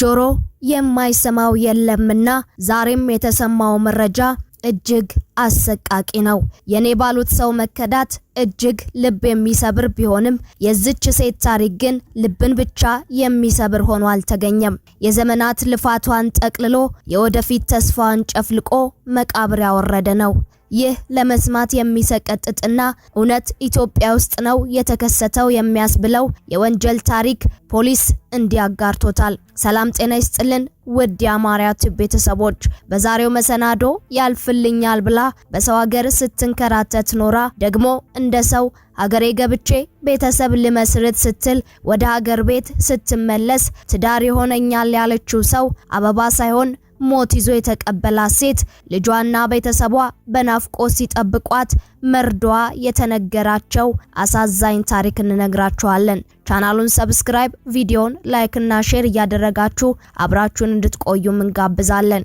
ጆሮ የማይሰማው የለምና ዛሬም የተሰማው መረጃ እጅግ አሰቃቂ ነው። የኔ ባሉት ሰው መከዳት እጅግ ልብ የሚሰብር ቢሆንም የዝች ሴት ታሪክ ግን ልብን ብቻ የሚሰብር ሆኖ አልተገኘም። የዘመናት ልፋቷን ጠቅልሎ የወደፊት ተስፋዋን ጨፍልቆ መቃብር ያወረደ ነው። ይህ ለመስማት የሚሰቀጥጥና እውነት ኢትዮጵያ ውስጥ ነው የተከሰተው የሚያስብለው የወንጀል ታሪክ ፖሊስ እንዲያጋርቶታል። ሰላም ጤና ይስጥልን ውድ የአማርያ ቲዩብ ቤተሰቦች፣ በዛሬው መሰናዶ ያልፍልኛል ብላ በሰው ሀገር ስትንከራተት ኖራ ደግሞ እንደ ሰው ሀገሬ ገብቼ ቤተሰብ ልመስርት ስትል ወደ ሀገር ቤት ስትመለስ ትዳር ይሆነኛል ያለችው ሰው አበባ ሳይሆን ሞት ይዞ የተቀበላት ሴት ልጇና ቤተሰቧ በናፍቆት ሲጠብቋት መርዷ የተነገራቸው አሳዛኝ ታሪክ እንነግራችኋለን። ቻናሉን ሰብስክራይብ፣ ቪዲዮን ላይክ እና ሼር እያደረጋችሁ አብራችሁን እንድትቆዩም እንጋብዛለን።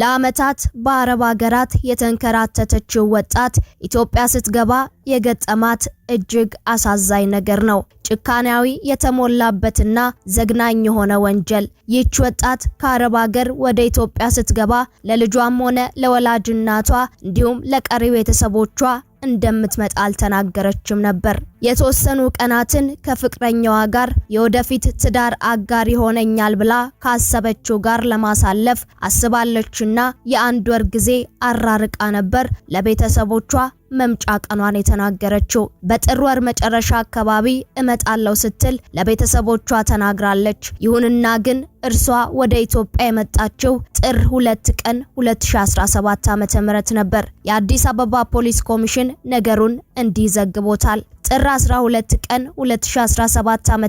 ለዓመታት በአረብ ሀገራት የተንከራተተችው ወጣት ኢትዮጵያ ስትገባ የገጠማት እጅግ አሳዛኝ ነገር ነው። ጭካኔያዊ የተሞላበትና ዘግናኝ የሆነ ወንጀል። ይህች ወጣት ከአረብ ሀገር ወደ ኢትዮጵያ ስትገባ ለልጇም ሆነ ለወላጅናቷ እንዲሁም ለቀሪ ቤተሰቦቿ እንደምትመጣ አልተናገረችም ነበር። የተወሰኑ ቀናትን ከፍቅረኛዋ ጋር የወደፊት ትዳር አጋር ይሆነኛል ብላ ካሰበችው ጋር ለማሳለፍ አስባለችና የአንድ ወር ጊዜ አራርቃ ነበር ለቤተሰቦቿ መምጫ ቀኗን የተናገረችው። በጥር ወር መጨረሻ አካባቢ እመጣለሁ ስትል ለቤተሰቦቿ ተናግራለች። ይሁንና ግን እርሷ ወደ ኢትዮጵያ የመጣችው ጥር 2 ቀን 2017 ዓ.ም ነበር። የአዲስ አበባ ፖሊስ ኮሚሽን ነገሩን እንዲህ ዘግቦታል። ጥር 12 ቀን 2017 ዓ.ም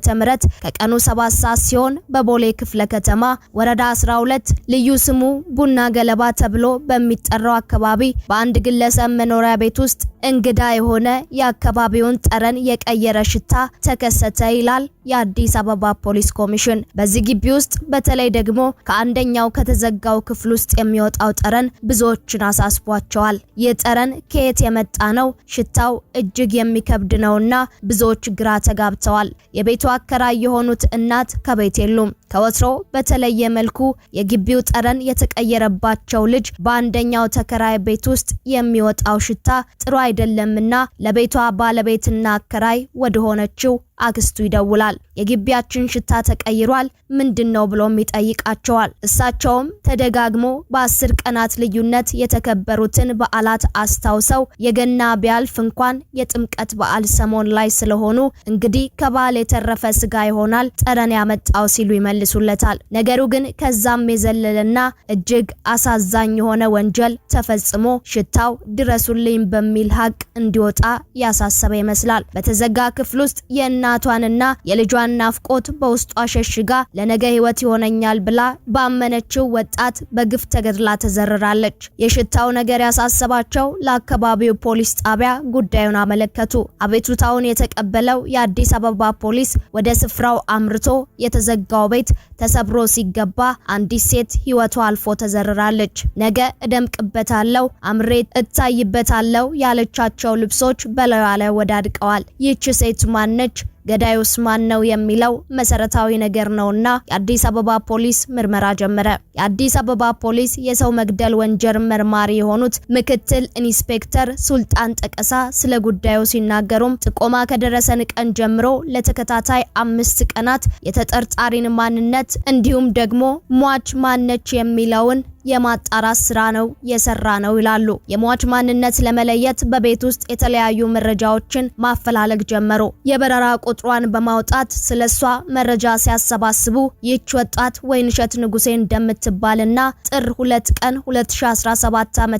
ከቀኑ 7 ሰዓት ሲሆን በቦሌ ክፍለ ከተማ ወረዳ 12 ልዩ ስሙ ቡና ገለባ ተብሎ በሚጠራው አካባቢ በአንድ ግለሰብ መኖሪያ ቤት ውስጥ እንግዳ የሆነ የአካባቢውን ጠረን የቀየረ ሽታ ተከሰተ ይላል የአዲስ አበባ ፖሊስ ኮሚሽን። በዚህ ግቢ ውስጥ በተለይ ደግሞ ከአንደኛው ከተዘጋው ክፍል ውስጥ የሚወጣው ጠረን ብዙዎችን አሳስቧቸዋል። ይህ ጠረን ከየት የመጣ ነው? ሽታው እጅግ የሚከብድ ነውና ብዙዎች ግራ ተጋብተዋል። የቤቱ አከራይ የሆኑት እናት ከቤት የሉም። ከወትሮ በተለየ መልኩ የግቢው ጠረን የተቀየረባቸው ልጅ በአንደኛው ተከራይ ቤት ውስጥ የሚወጣው ሽታ ጥሩ አይደለምና ለቤቷ ባለቤትና አከራይ ወደ ሆነችው አክስቱ ይደውላል። የግቢያችን ሽታ ተቀይሯል ምንድን ነው ብሎም ይጠይቃቸዋል። እሳቸውም ተደጋግሞ በአስር ቀናት ልዩነት የተከበሩትን በዓላት አስታውሰው የገና ቢያልፍ እንኳን የጥምቀት በዓል ሰሞን ላይ ስለሆኑ እንግዲህ ከበዓል የተረፈ ስጋ ይሆናል ጠረን ያመጣው ሲሉ ይመልሱለታል። ነገሩ ግን ከዛም የዘለለና እጅግ አሳዛኝ የሆነ ወንጀል ተፈጽሞ ሽታው ድረሱልኝ በሚል ሀቅ እንዲወጣ ያሳሰበ ይመስላል። በተዘጋ ክፍል ውስጥ የእና ናቷንና የልጇን ናፍቆት በውስጧ ሸሽጋ ለነገ ህይወት ይሆነኛል ብላ ባመነችው ወጣት በግፍ ተገድላ ተዘርራለች። የሽታው ነገር ያሳሰባቸው ለአካባቢው ፖሊስ ጣቢያ ጉዳዩን አመለከቱ። አቤቱታውን የተቀበለው የአዲስ አበባ ፖሊስ ወደ ስፍራው አምርቶ የተዘጋው ቤት ተሰብሮ ሲገባ አንዲት ሴት ህይወቷ አልፎ ተዘርራለች። ነገ እደምቅበታለው፣ አምሬ እታይበታለው ያለቻቸው ልብሶች በላዩ ላይ ወዳድቀዋል። ይህች ሴት ማነች? ገዳዩስ ማን ነው የሚለው መሰረታዊ ነገር ነውና የአዲስ አበባ ፖሊስ ምርመራ ጀመረ። የአዲስ አበባ ፖሊስ የሰው መግደል ወንጀል መርማሪ የሆኑት ምክትል ኢንስፔክተር ሱልጣን ጠቀሳ ስለ ጉዳዩ ሲናገሩም ጥቆማ ከደረሰን ቀን ጀምሮ ለተከታታይ አምስት ቀናት የተጠርጣሪን ማንነት እንዲሁም ደግሞ ሟች ማነች የሚለውን የማጣራት ስራ ነው የሰራ ነው ይላሉ። የሟች ማንነት ለመለየት በቤት ውስጥ የተለያዩ መረጃዎችን ማፈላለግ ጀመሩ። የበረራ ቁጥሯን በማውጣት ስለሷ መረጃ ሲያሰባስቡ ይህች ወጣት ወይንሸት ንጉሴ እንደምትባልና ጥር 2 ቀን 2017 ዓ.ም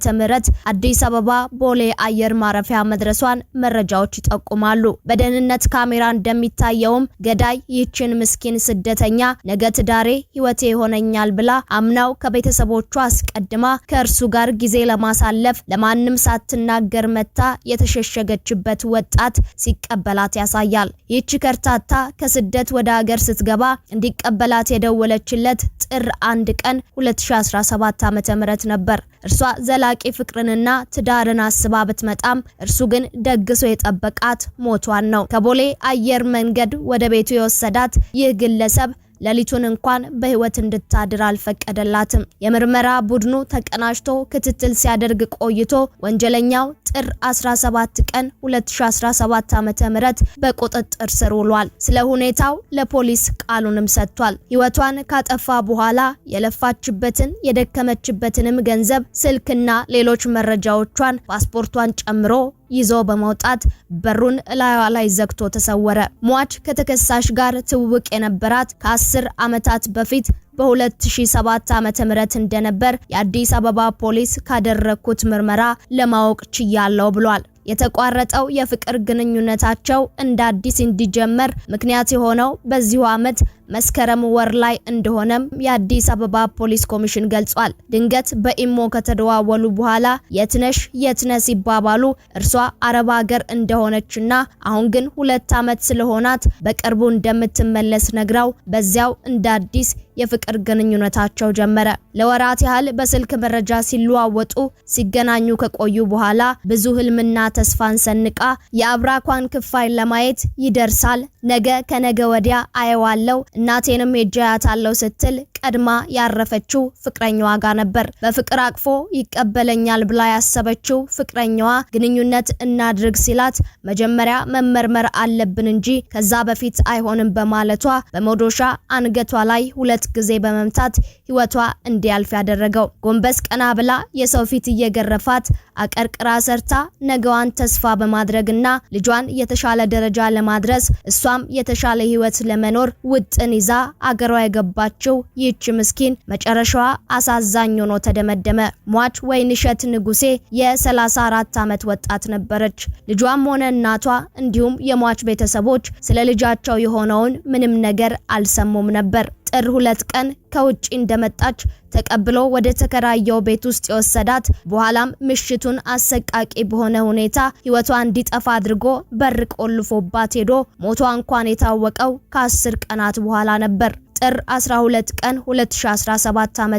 አዲስ አበባ ቦሌ አየር ማረፊያ መድረሷን መረጃዎች ይጠቁማሉ። በደህንነት ካሜራ እንደሚታየውም ገዳይ ይህችን ምስኪን ስደተኛ ነገ ትዳሬ ህይወቴ ይሆነኛል ብላ አምናው ከቤተሰቦቿ ከመሆናቸው አስቀድማ ከእርሱ ጋር ጊዜ ለማሳለፍ ለማንም ሳትናገር መታ የተሸሸገችበት ወጣት ሲቀበላት ያሳያል። ይህች ከርታታ ከስደት ወደ ሀገር ስትገባ እንዲቀበላት የደወለችለት ጥር አንድ ቀን 2017 ዓ.ም ነበር። እርሷ ዘላቂ ፍቅርንና ትዳርን አስባ ብትመጣም እርሱ ግን ደግሶ የጠበቃት ሞቷን ነው። ከቦሌ አየር መንገድ ወደ ቤቱ የወሰዳት ይህ ግለሰብ ሌሊቱን እንኳን በህይወት እንድታድር አልፈቀደላትም። የምርመራ ቡድኑ ተቀናጅቶ ክትትል ሲያደርግ ቆይቶ ወንጀለኛው ጥር 17 ቀን 2017 ዓ.ም በቁጥጥር ስር ውሏል። ስለ ሁኔታው ለፖሊስ ቃሉንም ሰጥቷል። ህይወቷን ካጠፋ በኋላ የለፋችበትን የደከመችበትንም ገንዘብ፣ ስልክና ሌሎች መረጃዎቿን ፓስፖርቷን ጨምሮ ይዞ በመውጣት በሩን እላዩ ላይ ዘግቶ ተሰወረ። ሟች ከተከሳሽ ጋር ትውውቅ የነበራት ከ ከ10 ዓመታት በፊት በ2007 ዓም ምህረት እንደነበር የአዲስ አበባ ፖሊስ ካደረኩት ምርመራ ለማወቅ ችያለሁ ብሏል። የተቋረጠው የፍቅር ግንኙነታቸው እንደ አዲስ እንዲጀመር ምክንያት የሆነው በዚሁ ዓመት መስከረም ወር ላይ እንደሆነም የአዲስ አበባ ፖሊስ ኮሚሽን ገልጿል። ድንገት በኢሞ ከተደዋወሉ በኋላ የትነሽ የትነስ ሲባባሉ እርሷ አረብ ሀገር እንደሆነችና አሁን ግን ሁለት ዓመት ስለሆናት በቅርቡ እንደምትመለስ ነግራው በዚያው እንደ አዲስ የፍቅር ግንኙነታቸው ጀመረ። ለወራት ያህል በስልክ መረጃ ሲለዋወጡ ሲገናኙ ከቆዩ በኋላ ብዙ ህልምና ተስፋን ሰንቃ የአብራኳን ክፋይን ለማየት ይደርሳል ነገ ከነገ ወዲያ አየዋለው እናቴንም ሄጃያት አለው ስትል ቀድማ ያረፈችው ፍቅረኛዋ ጋር ነበር። በፍቅር አቅፎ ይቀበለኛል ብላ ያሰበችው ፍቅረኛዋ ግንኙነት እናድርግ ሲላት መጀመሪያ መመርመር አለብን እንጂ ከዛ በፊት አይሆንም በማለቷ በመዶሻ አንገቷ ላይ ሁለት ጊዜ በመምታት ህይወቷ እንዲያልፍ ያደረገው። ጎንበስ ቀና ብላ የሰው ፊት እየገረፋት አቀርቅራ ሰርታ ነገዋን ተስፋ በማድረግና ልጇን የተሻለ ደረጃ ለማድረስ እሷም የተሻለ ህይወት ለመኖር ውጥን ይዛ አገሯ የገባችው ይህ ይህች ምስኪን መጨረሻዋ አሳዛኝ ሆኖ ተደመደመ። ሟች ወይንሸት ንጉሴ የ34 ዓመት ወጣት ነበረች። ልጇም ሆነ እናቷ እንዲሁም የሟች ቤተሰቦች ስለ ልጃቸው የሆነውን ምንም ነገር አልሰሙም ነበር። ጥር ሁለት ቀን ከውጪ እንደመጣች ተቀብሎ ወደ ተከራየው ቤት ውስጥ የወሰዳት በኋላም ምሽቱን አሰቃቂ በሆነ ሁኔታ ሕይወቷ እንዲጠፋ አድርጎ በር ቆልፎባት ሄዶ ሞቷ እንኳን የታወቀው ከአስር ቀናት በኋላ ነበር። ጥር 12 ቀን 2017 ዓ.ም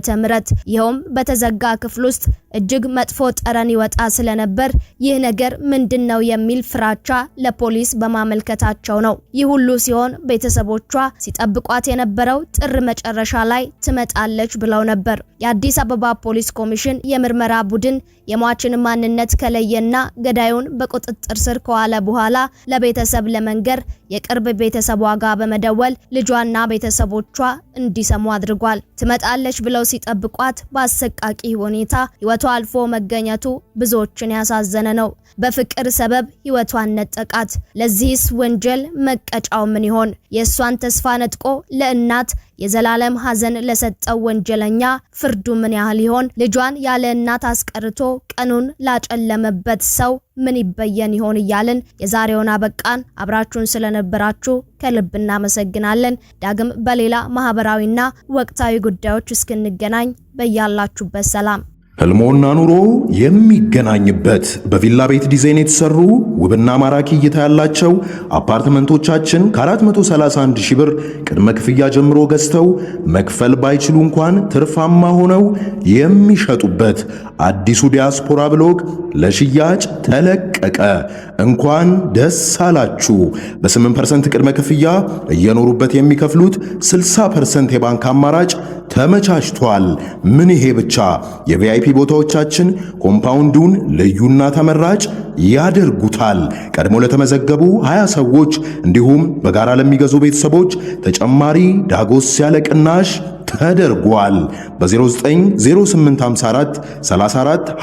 ይኸውም በተዘጋ ክፍል ውስጥ እጅግ መጥፎ ጠረን ይወጣ ስለነበር ይህ ነገር ምንድን ነው የሚል ፍራቻ ለፖሊስ በማመልከታቸው ነው። ይህ ሁሉ ሲሆን ቤተሰቦቿ ሲጠብቋት የነበረው ጥር መጨረሻ ላይ ትመጣለች ብለው ነበር። የአዲስ አበባ ፖሊስ ኮሚሽን የምርመራ ቡድን የሟችን ማንነት ከለየና ገዳዩን በቁጥጥር ስር ከዋለ በኋላ ለቤተሰብ ለመንገር የቅርብ ቤተሰቧ ጋር በመደወል ልጇና ቤተሰቦቿ እንዲሰሙ አድርጓል። ትመጣለች ብለው ሲጠብቋት በአሰቃቂ ሁኔታ ህይወቷ ሕይወቷ አልፎ መገኘቱ ብዙዎችን ያሳዘነ ነው። በፍቅር ሰበብ ሕይወቷን ነጠቃት። ለዚህስ ወንጀል መቀጫው ምን ይሆን? የእሷን ተስፋ ነጥቆ ለእናት የዘላለም ሐዘን ለሰጠው ወንጀለኛ ፍርዱ ምን ያህል ይሆን? ልጇን ያለ እናት አስቀርቶ ቀኑን ላጨለመበት ሰው ምን ይበየን ይሆን እያልን የዛሬውን አበቃን። አብራችሁን ስለነበራችሁ ከልብ እናመሰግናለን። ዳግም በሌላ ማህበራዊና ወቅታዊ ጉዳዮች እስክንገናኝ በያላችሁበት ሰላም ህልሞና ኑሮ የሚገናኝበት በቪላ ቤት ዲዛይን የተሰሩ ውብና ማራኪ እይታ ያላቸው አፓርትመንቶቻችን ከ431 ሺህ ብር ቅድመ ክፍያ ጀምሮ ገዝተው መክፈል ባይችሉ እንኳን ትርፋማ ሆነው የሚሸጡበት አዲሱ ዲያስፖራ ብሎግ ለሽያጭ ተለቀቀ። እንኳን ደስ አላችሁ። በ8% ቅድመ ክፍያ እየኖሩበት የሚከፍሉት 60% የባንክ አማራጭ ተመቻችቷል። ምን ይሄ ብቻ! የቪአይፒ ቦታዎቻችን ኮምፓውንዱን ልዩና ተመራጭ ያደርጉታል። ቀድሞ ለተመዘገቡ 20 ሰዎች እንዲሁም በጋራ ለሚገዙ ቤተሰቦች ተጨማሪ ዳጎስ ያለ ቅናሽ ተደርጓል። በ090854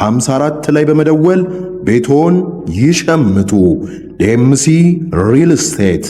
54 ላይ በመደወል ቤቶን ይሸምቱ። ዴምሲ ሪል ስቴት